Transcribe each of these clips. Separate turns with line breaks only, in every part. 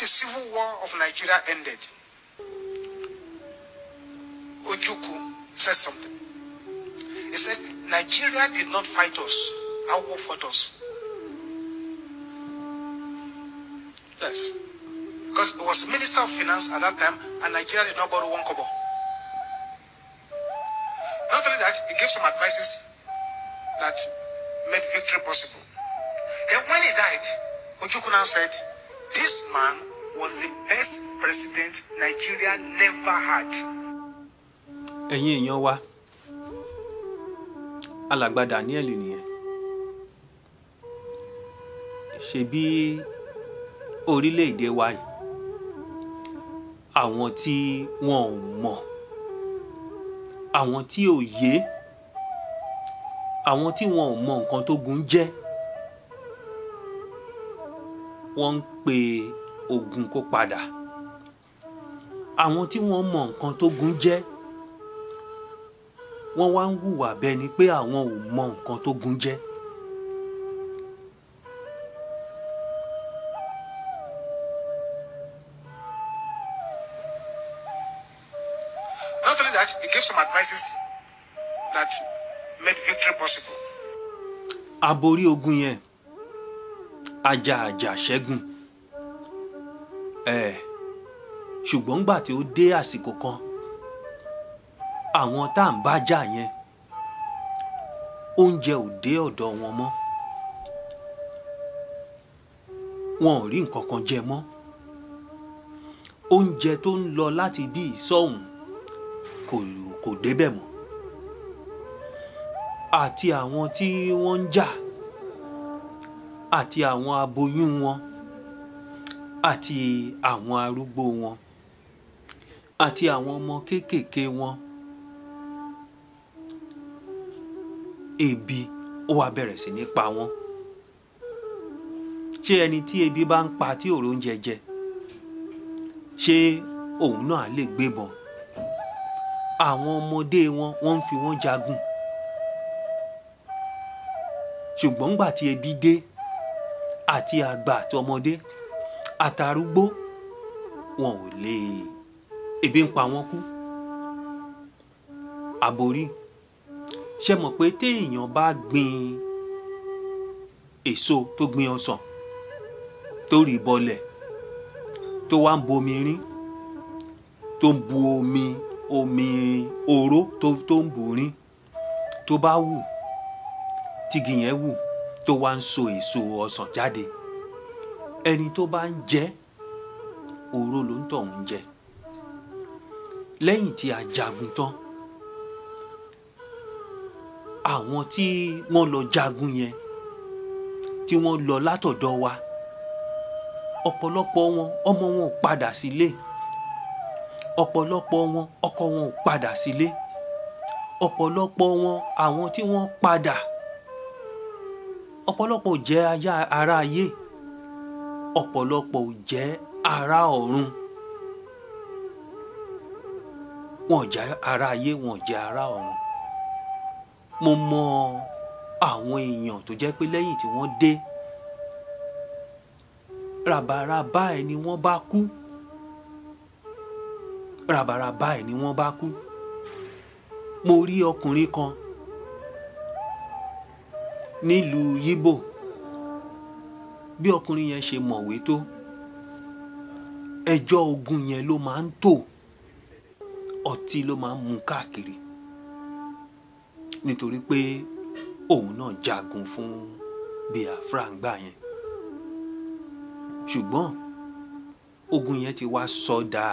the civil war of Nigeria ended, Ojuku said something. He said, Nigeria did not fight us, our war fought us. Yes. Because it was Minister of Finance at that time, and Nigeria did not borrow one kobo. Not only that, he gave some advices that made victory possible. And when he died, Ojuku now said, this man was the best president Nigeria never had. ẹ̀yin èèyàn wa alàgbà Daniel nìyẹn ṣebí orílẹ̀-èdè wa yìí àwọn tí wọn ò mọ̀ àwọn tí ò yé àwọn tí wọn ò mọ nǹkan tó gun jẹ́ wọ́n ń pe ogun kó padà àwọn tí wọ́n mọ nǹkan tó gun jẹ́ wọ́n wá ń hùwà bẹ́ẹ̀ ni pé àwọn ò mọ nǹkan tó gun jẹ́ aborí ogun yẹn ajá ajá ṣẹ́gun ṣùgbọ́n ńgbà tí ó dé àsìkò kan àwọn tá à ń bá jà yẹn oúnjẹ ò dé ọ̀dọ̀ wọn mọ́ wọn ò rí nǹkan kan jẹ mọ́ oúnjẹ tó ń lọ láti bí ìsọ̀hún kò kò débẹ̀ mọ́ àti àwọn tí wọ́n ń jà àti àwọn aboyún wọn àti àwọn arúgbó wọn àti àwọn ọmọ kéékèèké wọn ebi ó wá bẹ̀rẹ̀ sí ní pa wọ́n ṣé ẹni tí ebi bá ń pa tí òrò oúnjẹ jẹ ṣé òun náà lè gbébọn àwọn ọmọdé wọn wọ́n ń fi wọ́n jagun ṣùgbọ́n ńgbà tí ebi dé àti àgbà àti ọmọdé àtàrúgbó wọn ò lè ebi ń pa wọn kú àborí ṣe mọ̀ pé téèyàn bá gbin èso tó gbin ọsàn tó rì bọlẹ̀ tó wá ń bomi rín tó ń bu omi omi oró tó tó ń bù rín tó bá wù tígi wù tó wá ń so èso ọsàn jáde. E ẹni tó bá ń jẹ òró ló ń tọ̀hún jẹ lẹ́yìn tí a jagun tán àwọn tí wọ́n lọ jagun yẹn tí wọ́n lọ látọ̀dọ̀ wa ọ̀pọ̀lọpọ̀ wọn ọmọ wọn ò padà sílé ọ̀pọ̀lọpọ̀ wọn ọkọ wọn ò padà sílé ọ̀pọ̀lọpọ̀ wọn àwọn tí wọ́n padà ọ̀pọ̀lọpọ̀ jẹ́ ara ayé ọ̀pọ̀lọpọ̀ ò jẹ́ ará ọ̀run wọn ò jẹ́ ará ayé wọn ò jẹ́ ará ọ̀run mo mọ àwọn èèyàn tó jẹ́ pé lẹ́yìn tí wọ́n dé ràbàràbà ẹ̀ ni wọ́n bá kú ràbàràbà ẹ̀ ni wọ́n bá kú mo rí ọkùnrin kan nílùú Yíbò bí ọkùnrin yẹn ṣe mọ̀wé tó ẹjọ́ ogun yẹn ló máa ń tò ọtí ló máa ń mu káàkiri nítorí pé òun náà jagun fún Biafra ń gbà yẹn ṣùgbọ́n ogun yẹn ti wá sọ́dà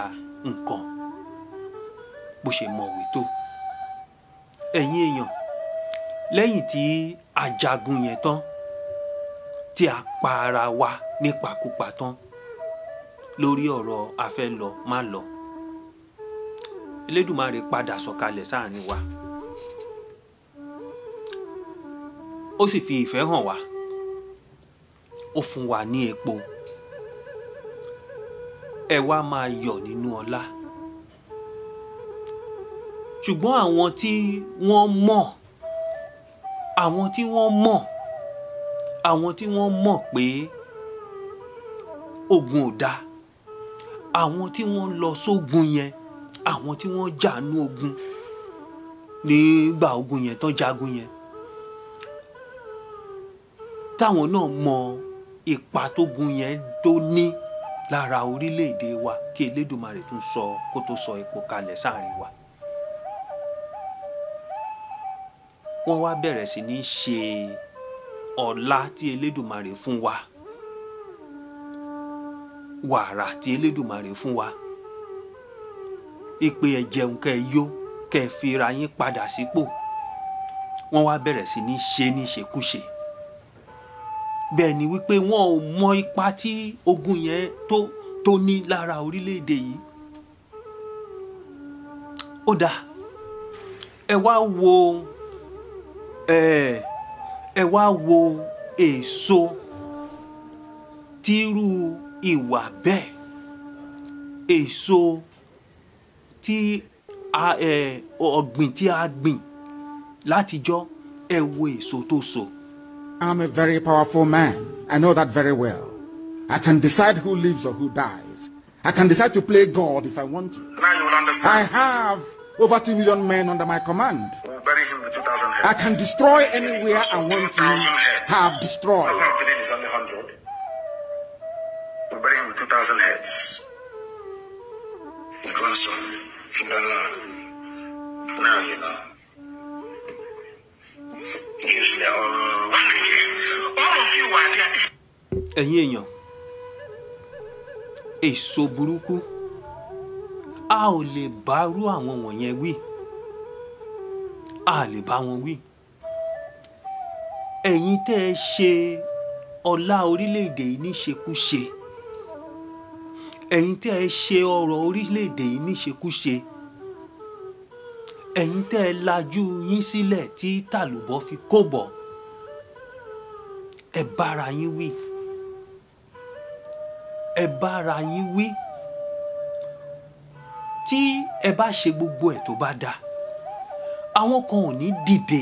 nǹkan bó ṣe mọ̀wé tó ẹ̀yin èèyàn lẹ́yìn tí ajagun yẹn tán tí a pa ara wa nípakúpa tán lórí ọ̀rọ̀ afẹ́ lọ má lọ Elédùmarè padà sọ̀kalẹ̀ sáàrin wa ó sì fi ìfẹ́ hàn wá ó fún wa ní epo ẹ wá máa yọ̀ nínú ọlá ṣùgbọ́n àwọn tí wọ́n mọ̀ àwọn tí wọ́n mọ̀ àwọn tí wọ́n mọ̀ pé ogun ò dáa àwọn tí wọ́n lọ sógun yẹn àwọn tí wọ́n jàánú ogun nígbà ogun yẹn tán jagun yẹn táwọn náà mọ ipa tógun yẹn tó ní lára orílẹ̀-èdè wa kí Elédùmarè tún sọ kó tó sọ epo kalẹ̀ sáàrin wa. wọ́n wá bẹ̀rẹ̀ sí ní ṣe ọlá tí Elédùmarè fún wa wàrà tí Elédùmarè fún wa ìpè ẹ jẹun kẹ́ ẹ yó kẹ́ ẹ fi yín padà sípò wọ́n wá bẹ̀rẹ̀ sí ní ṣe ní ṣekúṣe bẹ́ẹ̀ ni wípé wọn ò mọ ipa tí ogun yẹn tó tó ní lára orílẹ̀-èdè yìí ó dáa ẹ wá wo ẹ. Eh, ẹ wá wo èso tírú ìwà bẹ́ẹ̀ èso tí ọ̀gbìn tí a gbìn látijọ́ ẹ wo èso tó so. I'm a very powerful man. I know that very well. I can decide who lives or who dies. I can decide to play God if I want to. Now you will understand. I have over two million men under my command. I can destroy anywhere I want to have destroyed. Our company is only 100. We're building with 2,000 heads. Because you don't know. Now you know. Usually, uh, all, all of you are there. ẹ̀yin èèyàn èso burúkú a ò lè bá irú àwọn wọ̀nyẹn wí a lè bá wọn wí ẹ̀yin tẹ́ ẹ ṣe ọlá orílẹ̀-èdè yìí níṣekúṣe ẹ̀yin tẹ́ ẹ ṣe ọrọ̀ orílẹ̀-èdè yìí níṣekúṣe ẹ̀yin tẹ́ ẹ lajú yín sílẹ̀ tí tàlùbọ́ fi kó bọ̀ ẹ bára yín wí ẹ bára yín wí tí ẹ bá ṣe gbogbo ẹ̀ tó bá dáa àwọn kan ò ní dìde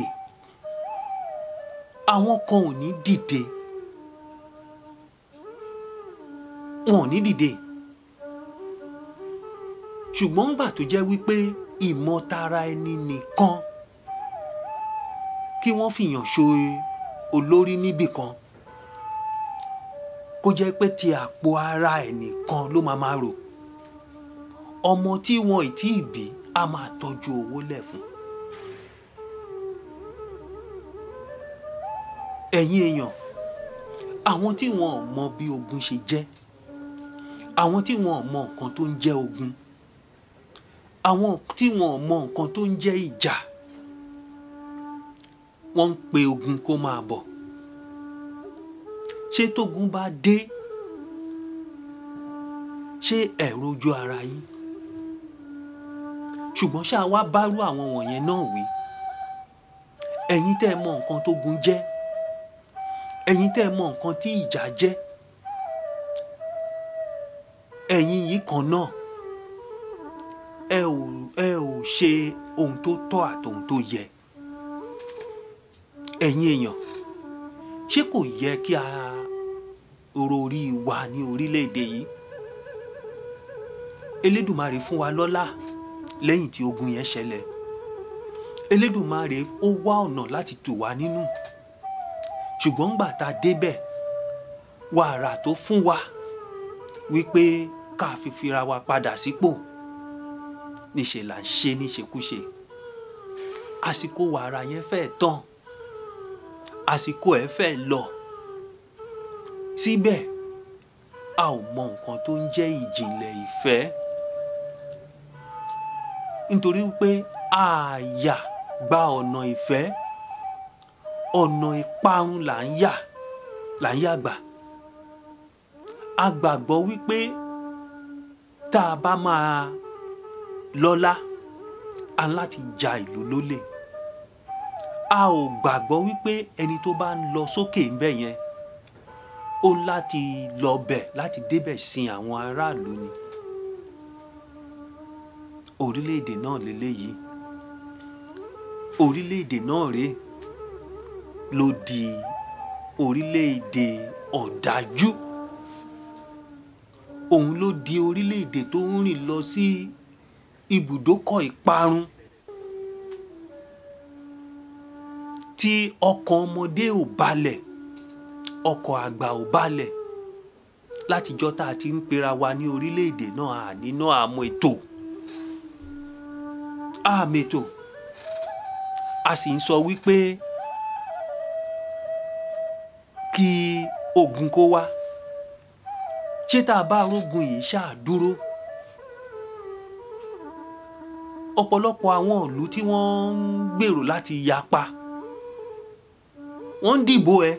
àwọn kan ò ní dìde wọn ò ní dìde ṣùgbọ́n ńgbà tó jẹ́ wípé ìmọ̀tara ẹni nìkan kí wọ́n fìyàn ṣe olórí níbì kan kó jẹ́ pé ti àpò ara ẹ̀ nìkan ló máa máa rò ọmọ tí wọn ì tí ì bí a máa tọ́jú owó lẹ̀ fún un. ẹ̀yin èèyàn àwọn tí wọn ò mọ bí ogun ṣe jẹ́ àwọn tí wọn ò mọ nǹkan tó ń jẹ́ ogun àwọn tí wọn ò mọ nǹkan tó ń jẹ́ ìjà wọ́n ń pe ogun kó máa bọ̀ ṣé tógun bá dé ṣé ẹ rojú ara yín ṣùgbọ́n ṣáà wá bárú àwọn wọ̀nyẹn náà wí ẹ̀yin tẹ́ ẹ mọ nǹkan tógun jẹ́ ẹ̀yin tẹ́ ẹ mọ nǹkan tí ìjà jẹ́ ẹ̀yin yìí kan náà ẹ ò ẹ ò ṣe ohun tó tọ́ àtòhun tó yẹ ẹ̀yin èèyàn ṣé kò yẹ kí a rori wa ní orílẹ̀-èdè yìí Elédùmarè fún wa lọ́lá lẹ́yìn tí ogun yẹn ṣẹlẹ̀ Elédùmarè ó wá ọ̀nà láti tù wá nínú ṣùgbọ́n gbà tá a débẹ̀ wàrà tó fún wa wípé ká fi fira wa padà sípò níṣe là ń ṣe níṣekúṣe àsìkò wàrà yẹn fẹ́ tán àsìkò ẹ̀ fẹ́ lọ síbẹ̀ a ò mọ nǹkan tó ń jẹ́ ìjìnlẹ̀ ìfẹ́ nítorí pé ààyà gba ọ̀nà ìfẹ́ ọ̀nà ìparun là ń yà là ń yà gbà a gbàgbọ́ wípé tá a bá máa lọ́lá a láti ja ìlú lólè a ò gbàgbọ́ wípé ẹni tó bá ń lọ sókè ńbẹ yẹn ó láti lọ bẹ̀ láti débẹ̀ sin àwọn aráàlú ni orílẹ̀-èdè náà lélẹ́yìí orílẹ̀-èdè náà rèé ló di orílẹ̀-èdè ọ̀dájú òun ló di orílẹ̀-èdè tó ń rìn lọ sí ibùdókọ̀ ìparun tí ọkàn ọmọdé ò balẹ̀ ọkàn àgbà ò balẹ̀ látijọ́ tá a ti ń pera wa ní orílẹ̀-èdè náà àníná àmọ́ ètò àmọ́ ètò a sì ń sọ wípé kí ogun kó wá ṣé tá a bá arógun yìí ṣáà dúró ọ̀pọ̀lọpọ̀ àwọn ìlú tí wọ́n ń gbèrò láti yapa wọ́n ń dìbò ẹ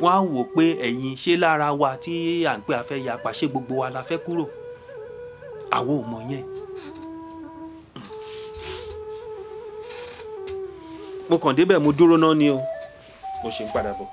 wọ́n á wò pé ẹ̀yin ṣé lára wa tí à ń pè afẹ́ yapa ṣé gbogbo wa la fẹ́ kúrò àwọn ò mọ̀ yẹn. mo kàn débẹ̀ mo dúró náà ni o bó ṣe ń padà bọ̀.